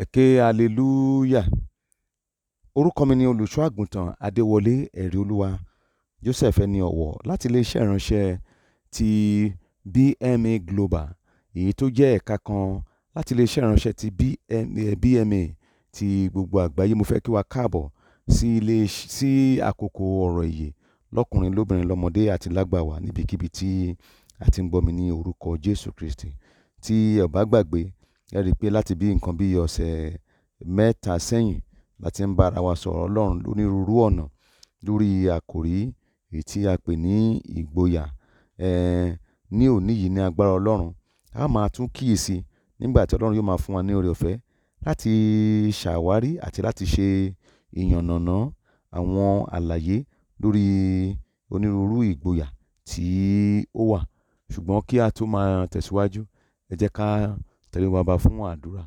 Ẹ ké alelúyà. Orúkọ mi ni olùṣọ́ àgùntàn Adéwọlé ẹ̀rí Olúwa Joseph ẹni ọ̀wọ̀ láti iléeṣẹ́ ìránṣẹ́ ti BMA Global èyí tó jẹ́ ẹ̀ka kan láti iléeṣẹ́ ìránṣẹ́ ti BMA eh, ti gbogbo àgbáyé. Mo fẹ́ kí wa káàbọ̀ sí ilé sí àkókò ọ̀rọ̀ ìyè lọ́kùnrin lóbìnrin lọ́mọdé àti lágbà wa níbikíbi tí a ti ń gbọ́ mi ní orúkọ Jésù Kristi. Tí ẹ gbàgbé Ẹ rí i pé láti bí nǹkan bí ọ̀sẹ̀ mẹ́ta sẹ́yìn la ti ń bá ara wa sọ̀rọ̀ Ọlọ́run lónírúurú ọ̀nà lórí àkòrí èyí tí a pè ní ìgboyà. Ẹ̀, ní òní yìí ní agbára Ọlọ́run, a máa tún kíyèsi nígbà tí Ọlọ́run yóò máa fún wa ní oore láti ṣàwárí àti láti ṣe ìyànnàná àwọn àlàyé lórí onírúurú ìgboyà tí ó wà. Ṣùgbọ́n kí a tó máa tẹ̀síwájú, ẹ jẹ́ ká tẹríba bàbá fún àdúrà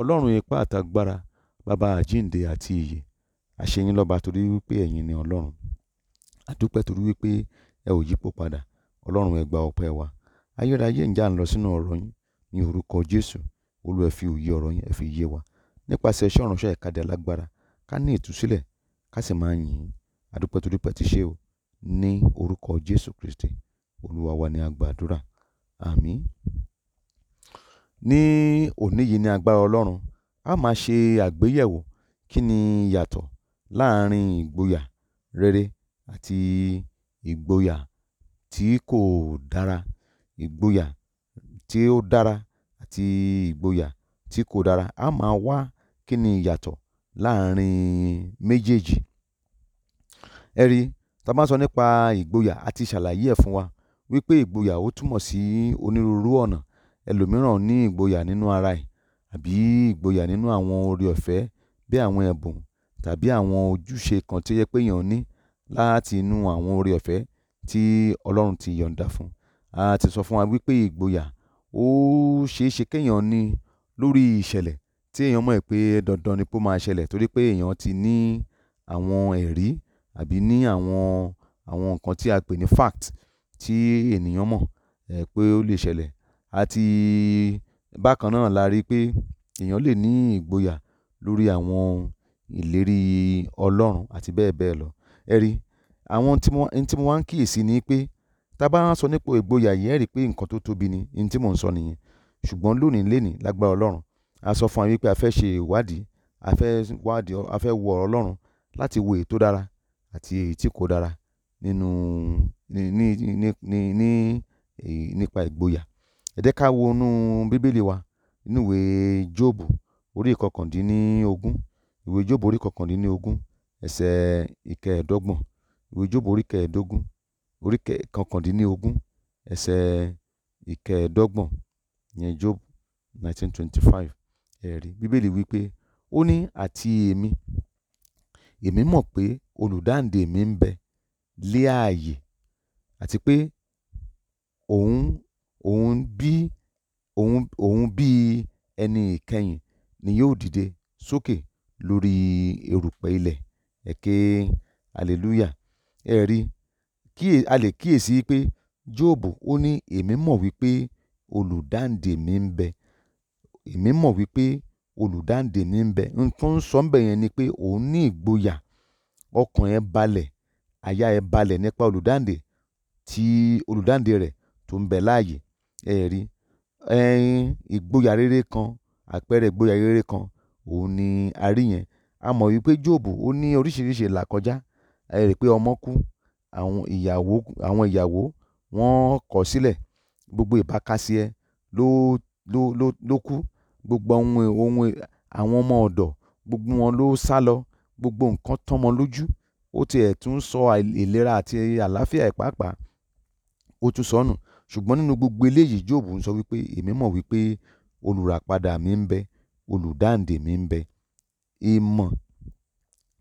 ọlọ́run ipá àtagbára bàbá àjíǹde àti ìyè a ṣe yín lọ́ba torí wípé ẹ̀yin ni ọlọ́run a dúpẹ́ torí wípé ẹ ò yípo padà ọlọ́run ẹ ọpẹ́ wa ayérayé ǹjẹ́ à lọ sínú ọ̀rọ̀ yín ní orúkọ jésù olúwa fi òye ọ̀rọ̀ yín ẹ fi yé wa nípasẹ̀ iṣẹ́ ìránṣẹ́ ìkadẹ alágbára ká ní ìtúsílẹ̀ ká sì máa yìn ín a torí pé ti ṣe o ní orúkọ jésù kristi olúwa wa ni a gbàdúrà Ní òní yìí ní agbára Ọlọ́run, a máa ṣe àgbéyẹ̀wò kí ni ìyàtọ̀ láàárín ìgboyà rere àti ìgboyà tí kò dára, ìgboyà tí ó dára àti ìgboyà tí kò dára. A máa wá kí ni ìyàtọ̀ láàárín méjèèjì. Ẹ rí, tí a bá ń sọ nípa ìgboyà, a ti ṣàlàyé ẹ̀ fún wa wípé ìgboyà ó túmọ̀ sí onírúurú ọ̀nà ẹlòmíràn ní ìgboyà nínú ara ẹ̀ àbí ìgboyà nínú àwọn oore ọ̀fẹ́ bí àwọn ẹ̀bùn tàbí àwọn ojúṣe kan tí ó jẹ́ pé èèyàn ní láti inú àwọn oore ọ̀fẹ́ tí Ọlọ́run ti yọ̀ǹda fún A ti sọ fún wa wípé ìgboyà ó ṣe é ṣe kí èèyàn ní lórí ìṣẹ̀lẹ̀ tí èèyàn mọ̀ pé dandan ni pé ó máa ṣẹlẹ̀ torí pé èèyàn ti ní àwọn ẹ̀rí àbí ní àwọn, àwọn nǹkan tí a pè ní fact tí ènìyàn mọ̀, ẹ́, pé ó lè ṣẹlẹ̀ àti bákan náà la rí i pé èèyàn lè ní ìgboyà lórí àwọn ìlérí Ọlọ́run àti bẹ́ẹ̀ bẹ́ẹ̀ lọ. Ẹ rí, àwọn tí mo, ohun tí mo máa ń kíyèsi ni pé tí a bá ń sọ nípa ìgboyà yìí, ẹ rí i pé nǹkan tó tóbi ni ohun tí mò ń sọ nìyẹn. Ṣùgbọ́n lónìí lénìí lágbára Ọlọ́run, a sọ fún wa wípé a fẹ́ ṣe ìwádìí, a fẹ́ wádìí, a fẹ́ wo Ọlọ́run láti wo èyí tó dára àti èyí tí kò dára nínú, ní, ní, ní, ní, nípa ìgboyà. edeka wo Bíbélì wa, inú ìwé Jobu orí ìkọkàndínlógún, ìwé Jobu orí ìkọkàndínlógún ẹsẹ̀ ìkẹẹ̀ẹ́dọ́gbọ̀n, ìwé Jobu orí kẹẹ̀ẹ́dógún, orí kọkàndínlógún ẹsẹ̀ ìkẹẹ̀ẹ́dọ́gbọ̀n, ìyẹn Job nineteen twenty five. Ẹ̀rí Bíbélì wí ó ní àti èmi, èmi mi ń bẹ lé ààyè àti pé òun bí òun òun bí ẹni ìkẹyìn ni yóò dìde sókè lórí erùpẹ̀ ilẹ̀ ẹ ké hallelujah ẹ rí kí a lè kíyèsí pé jóòbù ó ní èmi mọ̀ wípé olùdáǹdè mi ń bẹ èmi mọ̀ wípé olùdáǹdè mi ń bẹ n tó ń sọ ńbẹ yẹn ni pé òun ní ìgboyà ọkàn ẹ balẹ̀ àyà ẹ balẹ̀ nípa olùdáǹdè tí olùdáǹdè rẹ̀ tó ń bẹ láàyè ẹ̀rí. Ẹ̀yin ìgboyà rere kan, àpẹẹrẹ ìgboyà rere kan, òun ni a rí yẹn. A mọ̀ wípé Jobu ó ní oríṣiríṣi ìlà kọjá. Ẹ rí pé ọmọ kú, àwọn ìyàwó, àwọn ìyàwó wọ́n kọ̀ sílẹ̀. Gbogbo ìbákasẹ ẹ ló, ló, ló, ló kú. Gbogbo ohun, ohun, àwọn ọmọ ọ̀dọ̀, gbogbo wọn ló sálọ. Gbogbo nǹkan tán mọ́ lójú. Ó ti tún sọ ìlera àti àlàáfíà ẹ̀ pàápàá. Ó tún sọ nù. Ṣùgbọ́n nínú gbogbo eléyìí Jobu ń sọ wípé, èmi mọ̀ wípé olùràpadà mi ń bẹ, olùdáǹdè mi ń bẹ. Ìmọ̀,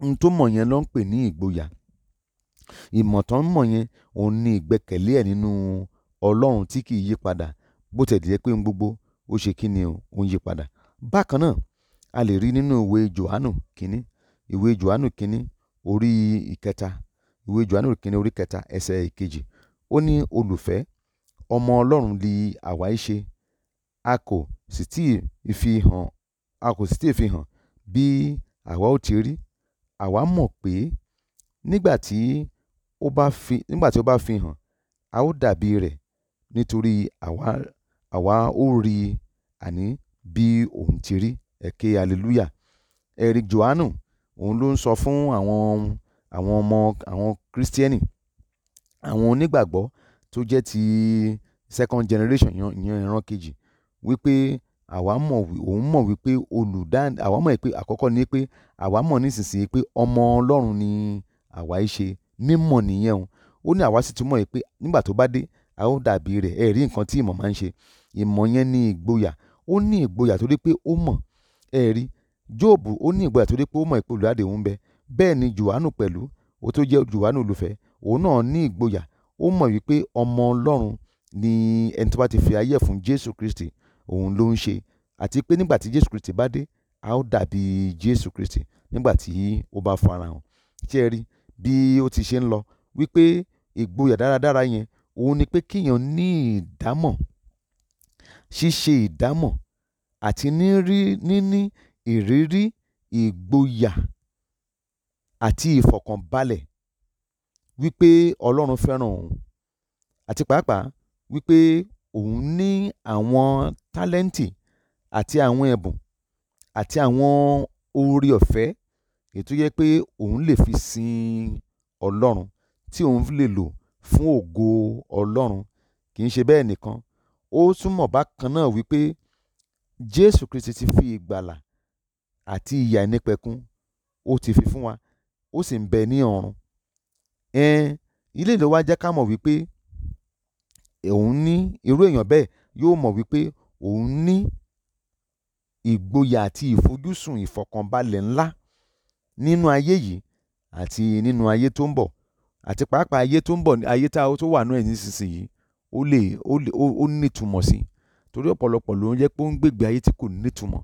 n tó mọ̀ yẹn ló ń pè ní ìgboyà. Ìmọ̀ tó ń ni ìgbẹ́kẹ̀lé ẹ̀ nínú Ọlọ́run tí kì í yípadà. Bó gbogbo ó ṣe kí ni o, ó ń yípadà. Bákan a lè rí nínú ìwé johanu kìíní, ìwé iketa ese orí ìkẹta, ìwé ọmọ ọlọ́run di àwa í ṣe a kò sì tí fi hàn a kò sì tí fi hàn bí àwa ó ti rí àwa mọ̀ pé nígbà tí ó bá fi nígbà tí fi hàn a ó dàbí rẹ̀ nítorí àwa àwa ó rí i àní bí òun ti rí ẹ hallelujah Eric jòhánù òun ló ń sọ fún àwọn àwọn ọmọ àwọn kírísítẹ́nì àwọn onígbàgbọ́ tó jẹ́ ti second generation ìyẹn ìran kejì wípé àwa mọ̀ òun mọ̀ wípé olùdá àwa mọ̀ pé àkọ́kọ́ ni pé àwa mọ̀ nísinsìnyí pé ọmọ Ọlọ́run ni àwa í ṣe mímọ̀ nìyẹn o ó ní àwa sì tún mọ̀ pé nígbà tó bá dé a ó dàbí rẹ̀ ẹ rí nǹkan tí ìmọ̀ máa ń ṣe ìmọ̀ yẹn ní ìgboyà ó ní ìgboyà torí pé ó mọ̀ ẹ rí Jóòbù ó ní ìgboyà torí pé ó mọ̀ pé olùdáde òun bẹ bẹ́ẹ̀ ni Jòhánù pẹ̀lú ó tó jẹ́ Jòhánù olùfẹ́ òun náà ní ìgboyà ó mọ̀ wípé ọmọ Ọlọ́run ni ẹni tó bá ti fi ayé ẹ̀ fún Jésù Kristi òun ló ń ṣe àti pé nígbà tí Jésù Kristi bá dé a ó dàbí Jésù Kristi nígbà tí ó bá farahàn. Ṣé ẹ rí bí ó ti ṣe ń lọ wípé ìgboyà dáradára yẹn òun ni pé kíyàn ní ìdámọ̀ ṣíṣe ìdámọ̀ àti níní ìrírí ìgboyà àti ìfọ̀kànbalẹ̀ wípé ọlọ́run fẹ́ràn òun àti pàápàá wípé òun ní àwọn tálẹ́ǹtì àti àwọn ẹ̀bùn àti àwọn oore ọ̀fẹ́ èyí tó yẹ pé òun lè fi sin ọlọ́run tí òun lè lò fún ògo ọlọ́run kì í ṣe bẹ́ẹ̀ nìkan ó túmọ̀ bákan náà wípé jésù kristi ti fi ìgbàlà àti ìyà ìnípẹ̀kun ó ti fi fún wa ó sì ń bẹ ní ọ̀run um eléyìí ló wá jẹ́ ká mọ̀ wípé òun ní irú èèyàn bẹ́ẹ̀ yóò mọ̀ wípé òun ní ìgboyà àti ìfojúsùn ìfọ̀kànbalẹ̀ ńlá nínú ayé yìí àti nínú ayé tó ń bọ̀ àti pàápàá ayé tó ń bọ̀ ayé tá a tó wà náà nísinsìnyí ó lè ó lè ó nítumọ̀ sí torí ọ̀pọ̀lọpọ̀ ló ń jẹ́ pé ó ń gbègbè ayé tí kò nítumọ̀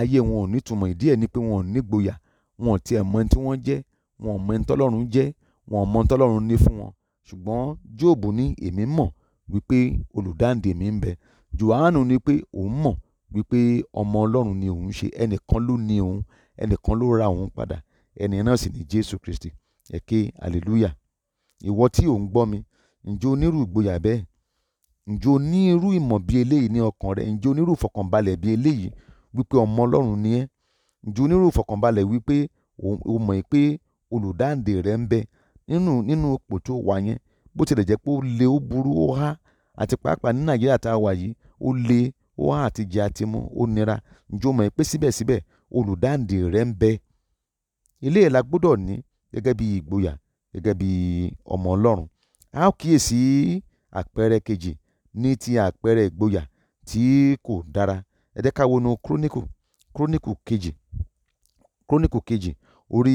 ayé wọn ò nítumọ̀ ìdí ẹ̀ ni pé wọn ò nígboyà wọn ò tiẹ̀ mọ ẹni tí wọ́n jẹ́ wọn ò mọ ẹni tọ́lọ́run jẹ́ wọn mọ tọ́lọ́run ní fún wọn ṣùgbọ́n jóòbù ní èmi mọ̀ wípé olùdáǹdè mi ń bẹ johannu ní pé òun mọ̀ wípé ọmọ ọlọ́run ni òun ṣe ẹnìkan ló ní òun ẹnìkan ló ra òun padà ẹni náà sì ni jésù kristi ẹ̀kẹ́ hallelujah ìwọ tí ò ń gbọ́ mi ǹjẹ́ onírú ìgboyà bẹ́ẹ̀ ǹjẹ́ onírú ìmọ̀ bíi eléyìí ní ọkàn rẹ ǹjẹ́ onírú ìfọkànbalẹ̀ bíi eléyìí wípé ọmọ ọlọ́run ni ẹ́ ǹjẹ́ onírú ìfọkànbalẹ̀ wípé o mọ̀ pé olùdáǹdè rẹ ń bẹ nínú nínú ipò tó wà yẹn bó tilẹ̀ jẹ́ pé ó le ó burú ó há àti pàápàá ní nàìjíríà tá a wà yìí ó le ó há àti jẹ àti mu ó nira ǹjẹ́ o mọ̀ pé síbẹ̀síbẹ̀ olùdáǹdè rẹ̀ ń bẹ ilé la gbọ́dọ̀ ní gẹ́gẹ́ bí ìgboyà ọmọ ọlọ́run a ó kíyèsí àpẹẹrẹ kejì ní ti àpẹẹrẹ ìgboyà tí kò dára ẹ jẹ́ nu kejì kejì orí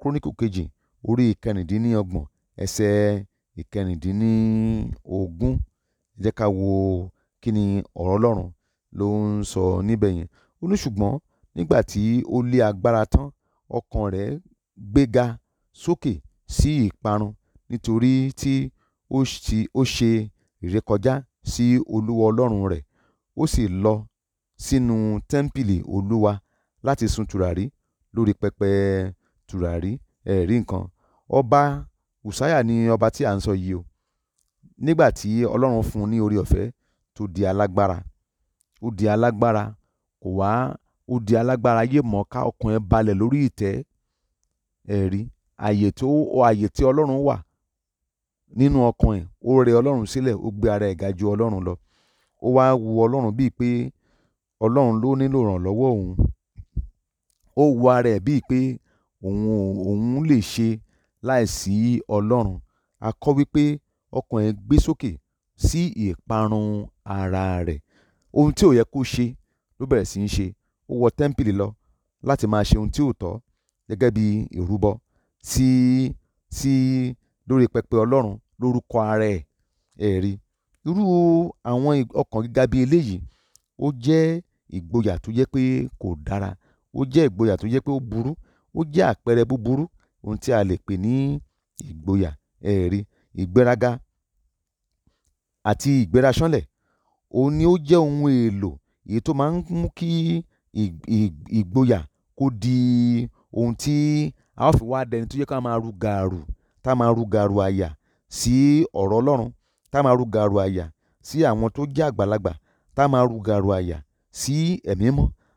kóríkò kejì orí ìkẹrìndínlọ́gbọ̀n ẹsẹ̀ ìkẹrìndínlógún ẹ jẹ́ ká wo kí ni ọ̀rọ̀ ọlọ́run ló ń sọ níbẹ̀ yẹn ó ní ṣùgbọ́n nígbà tí ó lé agbára tán ọkàn rẹ̀ gbéga sókè sí ìparun nítorí tí ó ṣe ìrékọjá sí olúwa ọlọ́run rẹ̀ ó sì lọ sínú tẹ́ḿpìlì olúwa láti sun tùràrí lórí pẹpẹ tùràrí ẹ̀rí nǹkan. Ọba Ussiah ni ọba tí à ń sọ yìí o. Nígbà tí Ọlọ́run fún un ní oore ọ̀fẹ́ tó di alágbára, ó di alágbára, kò wá, ó di alágbára ayé mọ̀ ká ọkàn ẹ balẹ̀ lórí ìtẹ́ ẹ̀rí. Ààyè tó, ààyè tí Ọlọ́run wà nínú ọkàn ẹ̀, ó rẹ Ọlọ́run sílẹ̀, ó gbé ara ẹ̀ ga ju Ọlọ́run lọ. Ó wá wu Ọlọ́run bíi pé Ọlọ́run ló nílò ìrànlọ́wọ́ òun. Ó wu ara ẹ̀ bíi pé òun òun lè ṣe láìsí ọlọ́run a kọ wí pé ọkàn ẹ̀ gbé sókè sí ìparun ara rẹ̀ ohun tí ò yẹ kó ṣe ló bẹ̀rẹ̀ sí í ṣe ó wọ tẹ́ḿpìlì lọ láti máa ṣe ohun tí ò tọ́ gẹ́gẹ́ bí ìrúbọ sí sí lórí pẹpẹ ọlọ́run lórúkọ ara ẹ̀ ẹ̀rí irú àwọn ọkàn gíga bíi eléyìí ó jẹ́ ìgboyà tó jẹ́ pé kò dára ó jẹ́ ìgboyà tó jẹ́ pé ó burú ó jẹ́ àpẹẹrẹ búburú ohun tí a lè pè ní ìgboyà. Ẹ rí, ìgbéraga àti ìgbéraṣánlẹ̀, òun ni ó jẹ́ ohun èlò èyí tó máa ń mú kí ìgboyà kó di ohun tí a ó fi wá dẹni tó yẹ ká máa ru gàrù, tá máa ru gàrù àyà sí ọ̀rọ̀ Ọlọ́run, tá máa ru gàrù àyà sí àwọn tó jẹ́ àgbàlagbà, tá máa ru gàrù àyà sí ẹ̀mí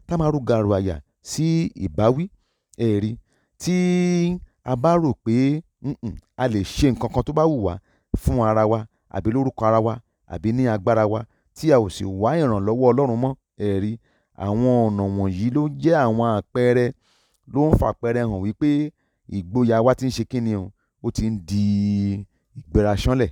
tá máa ru gàrù àyà sí ìbáwí ẹ̀rí tí a bá rò pé um a lè ṣe nǹkan kan tó bá wù wá fún ara wa àbí lórúkọ ara wa àbí ní agbára wa tí a ò sì wá ìrànlọ́wọ́ ọlọ́run mọ́ ẹ̀rí àwọn ọ̀nà wọ̀nyí ló jẹ́ àwọn àpẹẹrẹ ló ń fàpẹẹrẹ hàn wípé ìgboyà wa ti ń ṣe kíni o ó ti ń di ìgbéraṣánlẹ̀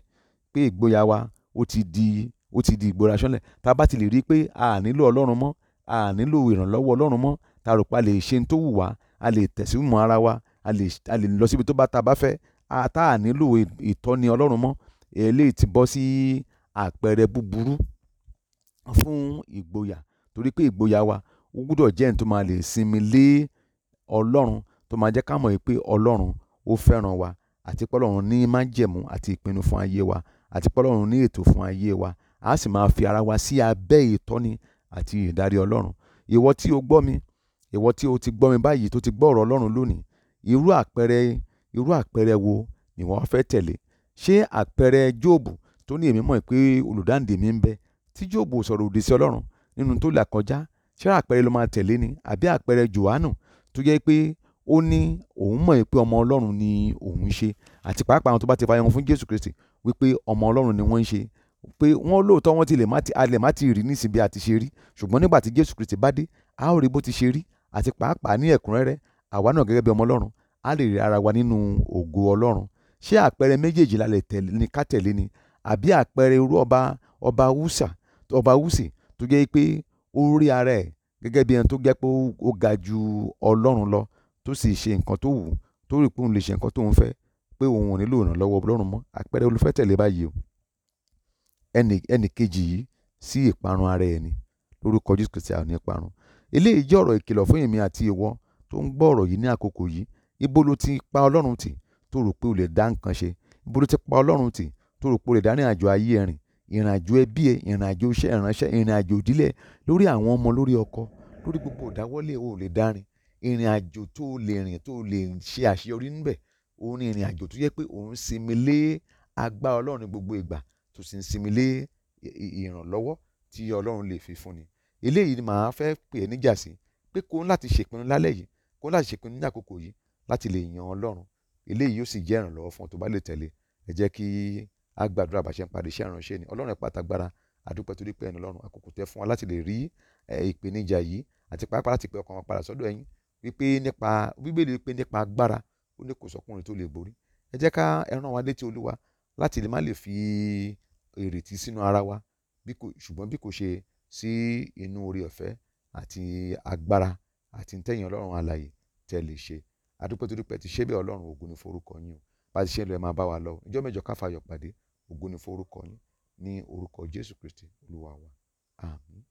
pé ìgboyà wa ó ti di ó ti di ìgbéraṣánlẹ̀ tá a bá ti lè rí i pé a nílò ọlọ́run mọ́ a nílò ìrànlọ́wọ́ ọlọ́run mọ́ tá rò pé lè ṣe ohun tó wù wá a lè tẹ̀síwọ̀n ara wa a lè a lè lọ síbi tó bá ta bá fẹ́ tá a nílò ìtọ́ni ọlọ́run mọ́ eléyìí ti bọ́ sí àpẹẹrẹ búburú fún ìgboyà torí pé ìgboyà wa ó gbúdọ̀ jẹ́ ní tó máa lè sinmi lé ọlọ́run tó máa jẹ́ ká mọ̀ pé ọlọ́run ó fẹ́ràn wa àti pé ọlọ́run ní májẹ̀mú àti ìpinnu fún ayé wa àti pé ọlọ́run ní ètò fún ayé wa a sì máa fi ara wa sí abẹ́ ìtọ́ni àti ìdarí ọlọ́run ìwọ tí o gbọ́ mi ìwọ tí o ti gbọ́ mi báyìí tó ti gbọ́ ọ̀rọ̀ Ọlọ́run lónìí irú àpẹẹrẹ irú àpẹẹrẹ wo ni wọ́n fẹ́ tẹ̀lé ṣé àpẹẹrẹ jóòbù tó ní èmi mọ̀ pé olùdáǹdè mi ń bẹ tí jóòbù sọ̀rọ̀ òdì sí Ọlọ́run nínú tó là kọjá ṣé àpẹẹrẹ ló máa tẹ̀lé ni àbí àpẹẹrẹ Jòhánù tó jẹ́ pé ó ní òun mọ̀ pé ọmọ Ọlọ́run ni òun ṣe àti pàápàá àwọn tó bá ti fàyẹ̀wò ni wọ́n ń ṣe pé wọ́n lóòótọ́ wọ́n ti lè má ti rí nísìnyí bí a ti ṣe àti pàápàá ní ẹ̀kúnrẹ́rẹ́ àwa náà gẹ́gẹ́ bí ọmọ ọlọ́run a lè rí ara wa nínú ògo ọlọ́run ṣé àpẹẹrẹ méjèèjì la lè tẹ̀lé ni ká tẹ̀lé ni àbí àpẹẹrẹ irú ọba ọba wúsà ọba wúsì tó jẹ́ pé ó rí ara ẹ̀ gẹ́gẹ́ bí ẹni tó jẹ́ pé ó ga ju ọlọ́run lọ tó sì ṣe nǹkan tó wù tó rí pé òun lè ṣe nǹkan tóun fẹ́ pé òun ò nílò ìrànlọ́wọ́ ọlọ́run mọ́ àpẹẹrẹ olùfẹ́ tẹ̀lé báyìí o ẹnì kejì yìí sí ìparun ara ẹni lórúkọ Jésù Kristi àwọn ìparun Eléyìí jẹ́ ọ̀rọ̀ ìkìlọ̀ fún èmi àti ìwọ tó ń gbọ́ ọ̀rọ̀ yìí ní àkókò yìí. Ibo lo ti pa Ọlọ́run tì tó rò pé o lè dá nǹkan ṣe? Ibo lo ti pa Ọlọ́run tì tó rò pé o lè dá ìrìnàjò ayé ẹ rìn, ìrìnàjò ẹbí ẹ, ìrìnàjò iṣẹ́ ìránṣẹ́, ìrìnàjò ìdílé lórí àwọn ọmọ, lórí ọkọ, lórí gbogbo ìdáwọ́lé o lè dá rìn. Ìrìnàjò tó lè rìn, tó lè ṣe àṣeyọrí níbẹ̀, òun ni ìrìnàjò tó jẹ́ pé òun sinmi lé agbára Ọlọ́run ní gbogbo ìgbà tó sì ń sinmi lé ìrànlọ́wọ́ tí Ọlọ́run lè fi fún ni eléyìí ni màá fẹ́ pè é níjà sí pé kó láti ṣèpinnu lálẹ́ yìí kó láti ṣèpinnu ní àkókò yìí láti lè yan ọlọ́run eléyìí yóò sì jẹ́ ìrànlọ́wọ́ fún ọ tó bá lè tẹ̀lé ẹ jẹ́ kí a gbàdúrà bá ṣe ń parí iṣẹ́ ìránṣẹ́ ni ọlọ́run ẹ̀pá àtàgbára àdúpẹ́ torí pé ẹnu ọlọ́run àkókò tẹ fún wa láti lè rí ìpèníjà yìí àti pàápàá láti pè ọkàn wa padà sọ́dọ̀ ẹ̀yin wípé nípa bíbélì wípé nípa agbára ó ní kò sọkùnrin tó lè borí ẹ jẹ́ ká ẹran wa létí olúwa láti má lè fi ìrètí sínú ara wa ṣùgbọ́n bí kò ṣe sí inú oore ọ̀fẹ́ àti agbára àti ntẹ́yìn ọlọ́run alààyè tẹ́ lè ṣe adúpẹ́ torí pé ti ṣe bẹ́ẹ̀ ọlọ́run ògo ni forúkọ yín o bá ti ṣe lọ ẹ máa bá wa lọ ìjọ mẹ́jọ káfàyọ̀ pàdé ògo ni forúkọ yín ní orúkọ jésù kristi olúwa wa àmín